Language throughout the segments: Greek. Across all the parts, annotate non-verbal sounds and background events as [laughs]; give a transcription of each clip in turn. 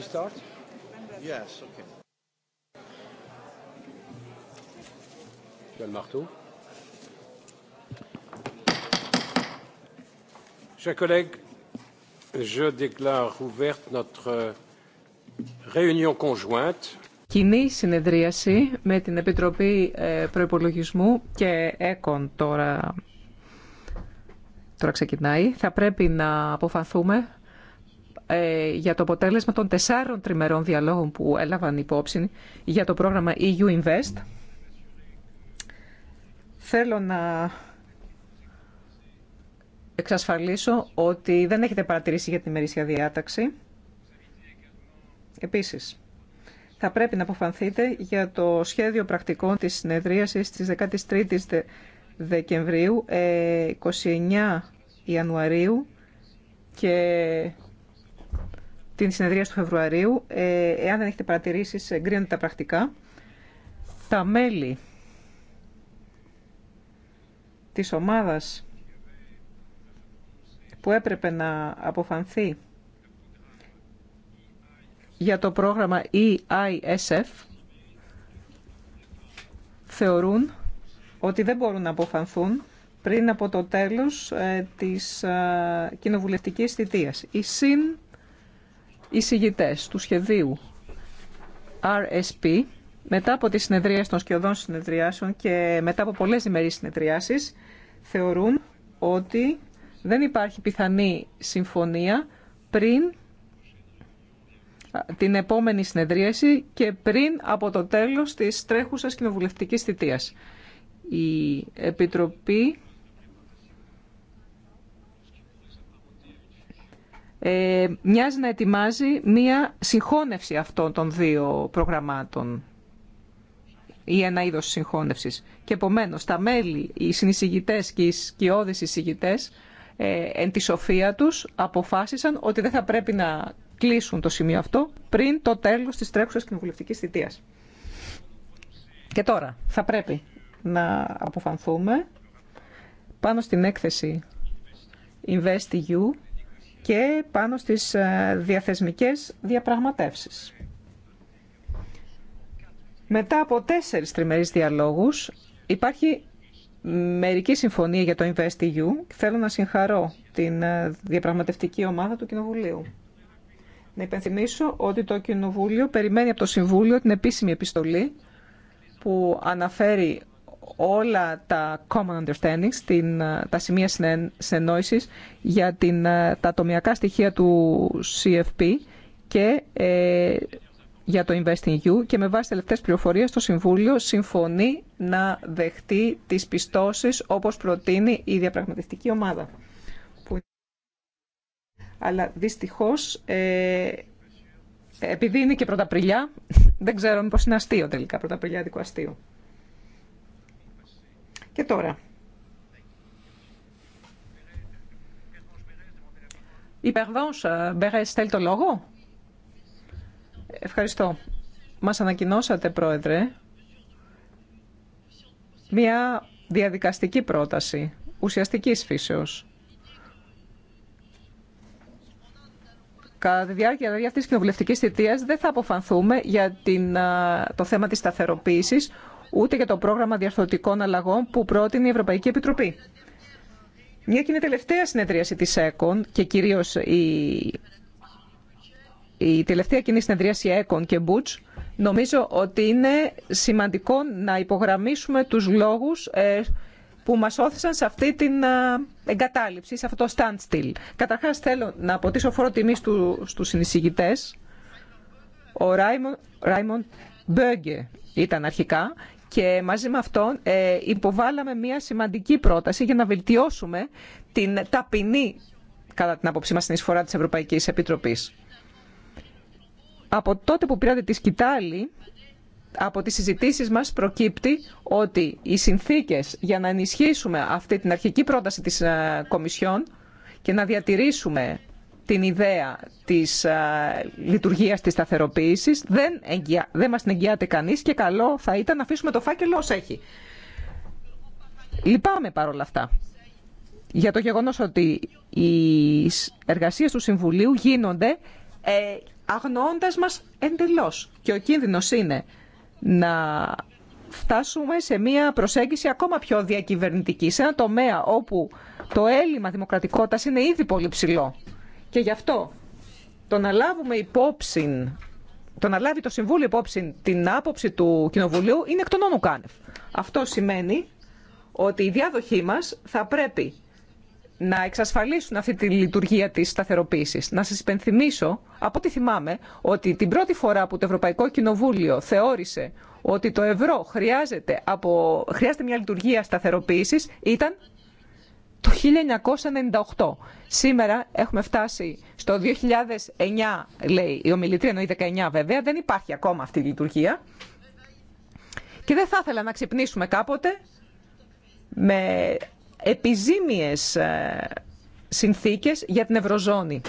We start? Yes, okay. Monsieur le marteau Chers collègues, je déclare ouverte notre réunion conjointe. Κοινή συνεδρίαση με την Επιτροπή ε, Προπολογισμού και ΕΚΟΝ τώρα, τώρα ξεκινάει. Θα πρέπει να αποφαθούμε ε, για το αποτέλεσμα των τεσσάρων τριμερών διαλόγων που έλαβαν υπόψη για το πρόγραμμα EU Invest. Θέλω να εξασφαλίσω ότι δεν έχετε παρατηρήσει για την ημερήσια διάταξη. Επίσης, θα πρέπει να αποφανθείτε για το σχέδιο πρακτικών της συνεδρίασης της 13ης Δεκεμβρίου, 29 ε, Ιανουαρίου και την συνεδρία του Φεβρουαρίου. Ε, εάν δεν έχετε παρατηρήσεις, εγκρίνονται τα πρακτικά. Τα μέλη της ομάδας που έπρεπε να αποφανθεί για το πρόγραμμα EISF θεωρούν ότι δεν μπορούν να αποφανθούν πριν από το τέλος ε, της ε, κοινοβουλευτικής θητείας. Η ΣΥΝ συγητέ του σχεδίου RSP, μετά από τις συνεδρίες των σκιωδών συνεδριάσεων και μετά από πολλές ημερείς συνεδριάσεις, θεωρούν ότι δεν υπάρχει πιθανή συμφωνία πριν την επόμενη συνεδρίαση και πριν από το τέλος της τρέχουσας κοινοβουλευτικής θητείας. Η Επιτροπή ε, μοιάζει να ετοιμάζει μία συγχώνευση αυτών των δύο προγραμμάτων ή ένα είδος συγχώνευσης. Και επομένως τα μέλη, οι συνεισηγητές και οι σκιώδεις εισηγητές ε, εν τη σοφία τους αποφάσισαν ότι δεν θα πρέπει να κλείσουν το σημείο αυτό πριν το τέλος της τρέχουσας κοινοβουλευτικής θητείας. Και τώρα θα πρέπει να αποφανθούμε πάνω στην έκθεση InvestEU και πάνω στις ε, διαθεσμικές διαπραγματεύσεις. Μετά από τέσσερις τριμερείς διαλόγους υπάρχει μερική συμφωνία για το InvestEU. Θέλω να συγχαρώ την ε, διαπραγματευτική ομάδα του Κοινοβουλίου. Να υπενθυμίσω ότι το Κοινοβούλιο περιμένει από το Συμβούλιο την επίσημη επιστολή που αναφέρει όλα τα common understandings, την, τα σημεία συνεννόησης για την, ε, τα τομιακά στοιχεία του CFP και ε, για το Investing You και με βάση τελευταίες πληροφορίες το Συμβούλιο συμφωνεί να δεχτεί τις πιστώσεις όπως προτείνει η διαπραγματευτική ομάδα. Αλλά δυστυχώς ε, επειδή είναι και πρωταπριλιά, [laughs] δεν ξέρω μήπως είναι αστείο τελικά, δικό αστείο. Και τώρα. Η Περβάνς στέλνει το λόγο. Ευχαριστώ. Μας ανακοινώσατε, Πρόεδρε, μια διαδικαστική πρόταση, ουσιαστικής φύσεως. Κατά τη διάρκεια δηλαδή αυτής της κοινοβουλευτικής θητείας δεν θα αποφανθούμε για την, το θέμα της σταθεροποίησης, ούτε για το πρόγραμμα διαρθρωτικών αλλαγών που πρότεινε η Ευρωπαϊκή Επιτροπή. Μια και είναι τελευταία συνεδρίαση της ΕΚΟΝ και κυρίως η, η τελευταία κοινή συνεδρίαση ΕΚΟΝ και Μπουτς, νομίζω ότι είναι σημαντικό να υπογραμμίσουμε τους λόγους ε, που μας όθησαν σε αυτή την ε, εγκατάλειψη, σε αυτό το standstill. Καταρχάς θέλω να αποτίσω φορό τιμή στους συνεισηγητές. Ο Ράιμον Μπέγκε ήταν αρχικά και μαζί με αυτό ε, υποβάλαμε μια σημαντική πρόταση για να βελτιώσουμε την ταπεινή, κατά την άποψή μας, εισφορά της Ευρωπαϊκής Επιτροπής. Από τότε που πήρατε τη σκητάλη, από τις συζητήσεις μας προκύπτει ότι οι συνθήκες για να ενισχύσουμε αυτή την αρχική πρόταση της ε, Κομισιόν και να διατηρήσουμε την ιδέα της α, ε, λειτουργίας της σταθεροποίησης. Δεν, δεν μας την εγγυάται κανείς και καλό θα ήταν να αφήσουμε το φάκελο ως έχει. Λυπάμαι παρόλα αυτά για το γεγονός ότι οι εργασίες του Συμβουλίου γίνονται ε, αγνοώντας μας εντελώς. Και ο κίνδυνος είναι να φτάσουμε σε μια προσέγγιση ακόμα πιο διακυβερνητική, σε ένα τομέα όπου το έλλειμμα δημοκρατικότητας είναι ήδη πολύ ψηλό. Και γι' αυτό το να λάβουμε υπόψη, το να λάβει το Συμβούλιο υπόψη την άποψη του Κοινοβουλίου είναι εκ των όνων κάνευ. Αυτό σημαίνει ότι οι διάδοχοί μας θα πρέπει να εξασφαλίσουν αυτή τη λειτουργία της σταθεροποίησης. Να σας υπενθυμίσω, από ό,τι θυμάμαι, ότι την πρώτη φορά που το Ευρωπαϊκό Κοινοβούλιο θεώρησε ότι το ευρώ χρειάζεται, από, χρειάζεται μια λειτουργία σταθεροποίησης ήταν το 1998. Σήμερα έχουμε φτάσει στο 2009, λέει η ομιλητρία, εννοεί 19 βέβαια, δεν υπάρχει ακόμα αυτή η λειτουργία. Και δεν θα ήθελα να ξυπνήσουμε κάποτε με επιζήμιες ε, συνθήκες για την Ευρωζώνη.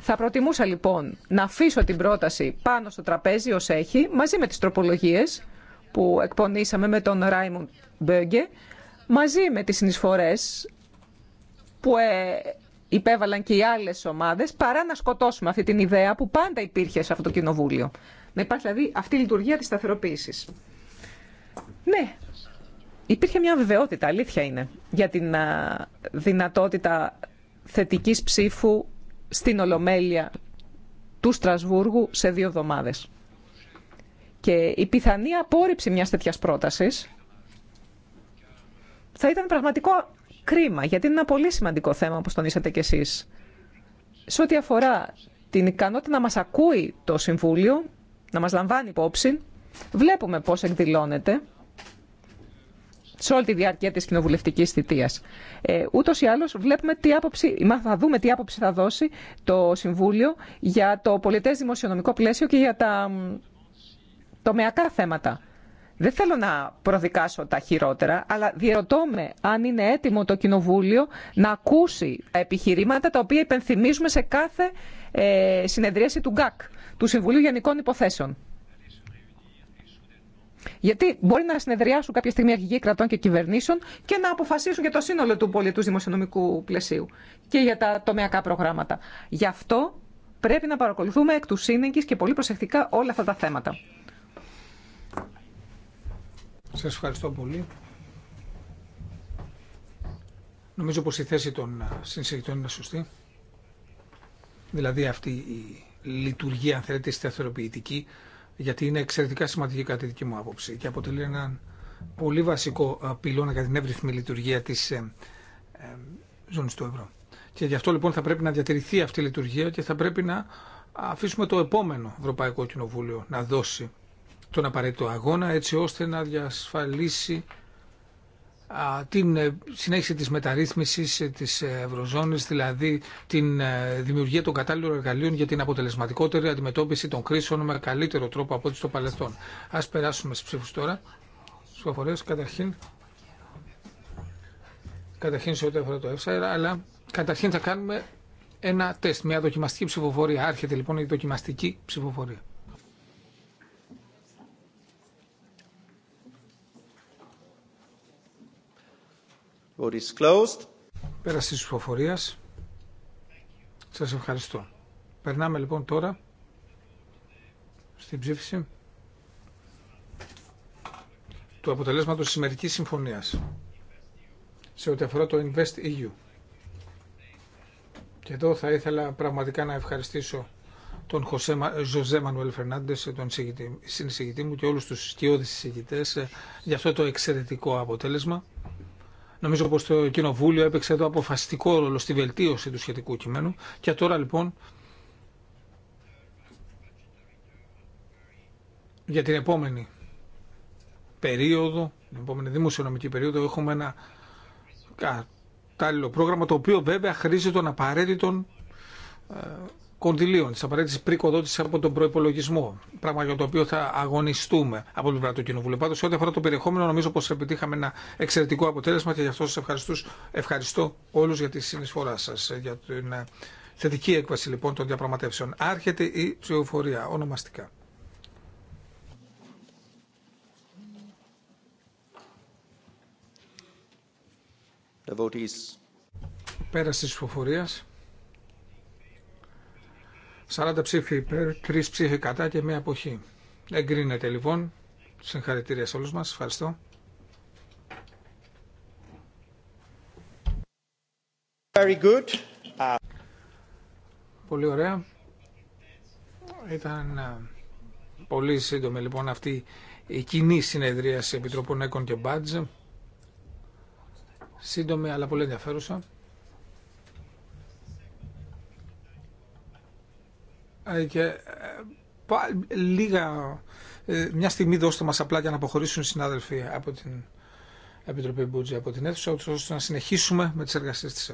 Θα προτιμούσα λοιπόν να αφήσω την πρόταση πάνω στο τραπέζι ως έχει, μαζί με τις τροπολογίες που εκπονήσαμε με τον Ράιμουντ Μπέγκε, μαζί με τις συνεισφορές που ε, υπέβαλαν και οι άλλες ομάδες, παρά να σκοτώσουμε αυτή την ιδέα που πάντα υπήρχε σε αυτό το κοινοβούλιο. Να υπάρχει δηλαδή αυτή η λειτουργία της σταθεροποίησης. Ναι, υπήρχε μια βεβαιότητα, αλήθεια είναι, για την δυνατότητα θετικής ψήφου στην Ολομέλεια του Στρασβούργου σε δύο εβδομάδες. Και η πιθανή απόρριψη μιας τέτοιας πρότασης θα ήταν πραγματικό κρίμα, γιατί είναι ένα πολύ σημαντικό θέμα, όπως τονίσατε κι εσείς. Σε ό,τι αφορά την ικανότητα να μας ακούει το Συμβούλιο, να μας λαμβάνει υπόψη, βλέπουμε πώς εκδηλώνεται σε όλη τη διάρκεια της κοινοβουλευτική θητείας. Ε, ούτως ή άλλως βλέπουμε τι άποψη, θα δούμε τι άποψη θα δώσει το Συμβούλιο για το πολιτές δημοσιονομικό πλαίσιο και για τα τομεακά θέματα. Δεν θέλω να προδικάσω τα χειρότερα, αλλά διερωτώ με αν είναι έτοιμο το Κοινοβούλιο να ακούσει τα επιχειρήματα τα οποία υπενθυμίζουμε σε κάθε ε, συνεδρίαση του ΓΚΑΚ, του Συμβουλίου Γενικών Υποθέσεων. Γιατί μπορεί να συνεδριάσουν κάποια στιγμή αρχηγοί κρατών και κυβερνήσεων και να αποφασίσουν για το σύνολο του πολιτού δημοσιονομικού πλαισίου και για τα τομεακά προγράμματα. Γι' αυτό πρέπει να παρακολουθούμε εκ του σύνεγγυ και πολύ προσεκτικά όλα αυτά τα θέματα. Σας ευχαριστώ πολύ. Νομίζω πως η θέση των ε, συνσηγητών είναι σωστή. Δηλαδή αυτή η λειτουργία, αν θέλετε, σταθεροποιητική, γιατί είναι εξαιρετικά σημαντική κατά τη δική μου άποψη και αποτελεί έναν πολύ βασικό ε, πυλώνα για την εύρυθμη λειτουργία της ε, ε, ζώνης του ευρώ. Και γι' αυτό λοιπόν θα πρέπει να διατηρηθεί αυτή η λειτουργία και θα πρέπει να αφήσουμε το επόμενο Ευρωπαϊκό Κοινοβούλιο να δώσει τον απαραίτητο αγώνα έτσι ώστε να διασφαλίσει την ε, συνέχιση της μεταρρύθμισης ε, της ε, Ευρωζώνης, δηλαδή την δημιουργία των κατάλληλων εργαλείων για την αποτελεσματικότερη αντιμετώπιση των κρίσεων με καλύτερο τρόπο από ό,τι στο παρελθόν. Ας περάσουμε στις ψήφους τώρα. Στις καταρχήν, καταρχήν σε ό,τι αφορά το ΕΦΣΑΕΡ αλλά καταρχήν θα κάνουμε ένα τεστ, μια δοκιμαστική ψηφοφορία. Άρχεται λοιπόν η δοκιμαστική ψηφοφορία. Πέρασε is closed. Σας ευχαριστώ. Περνάμε λοιπόν τώρα στην ψήφιση του αποτελέσματος της Σημερικής Συμφωνίας σε ό,τι αφορά το Invest EU. Και εδώ θα ήθελα πραγματικά να ευχαριστήσω τον Ζωζέ Μανουέλ Φερνάντε, τον συνεισηγητή μου και όλους τους σκιώδεις συζητητέ ε, για αυτό το εξαιρετικό αποτέλεσμα Νομίζω πως το Κοινοβούλιο έπαιξε εδώ αποφασιστικό ρόλο στη βελτίωση του σχετικού κειμένου και τώρα λοιπόν για την επόμενη περίοδο, την επόμενη δημοσιονομική περίοδο έχουμε ένα κατάλληλο πρόγραμμα το οποίο βέβαια χρήζει τον απαραίτητων ε, κονδυλίων, τη απαραίτητη πρικοδότηση από τον προπολογισμό. Πράγμα για το οποίο θα αγωνιστούμε από την πλευρά του Κοινοβουλίου. Πάντω, ό,τι αφορά το περιεχόμενο, νομίζω πω επιτύχαμε ένα εξαιρετικό αποτέλεσμα και γι' αυτό σα ευχαριστώ ευχαριστώ όλου για τη συνεισφορά σα, ε, για την ε, θετική έκβαση λοιπόν των διαπραγματεύσεων. Άρχεται η ψηφοφορία ονομαστικά. Πέραση 40 ψήφοι υπέρ, 3 ψήφοι κατά και μία αποχή. Εγκρίνεται λοιπόν. Συγχαρητήρια σε όλους μας. Ευχαριστώ. Very good. Πολύ ωραία. Ήταν ε, πολύ σύντομη λοιπόν αυτή η κοινή συνεδρίαση Επιτροπών Έκων και Μπάτζ. Σύντομη αλλά πολύ ενδιαφέρουσα. Ε, και ε, λίγα, ε, μια στιγμή δώστε μας απλά για να αποχωρήσουν οι συνάδελφοι από την Επιτροπή Μπούτζη, από την αίθουσα, ώστε να συνεχίσουμε με τις εργασίες της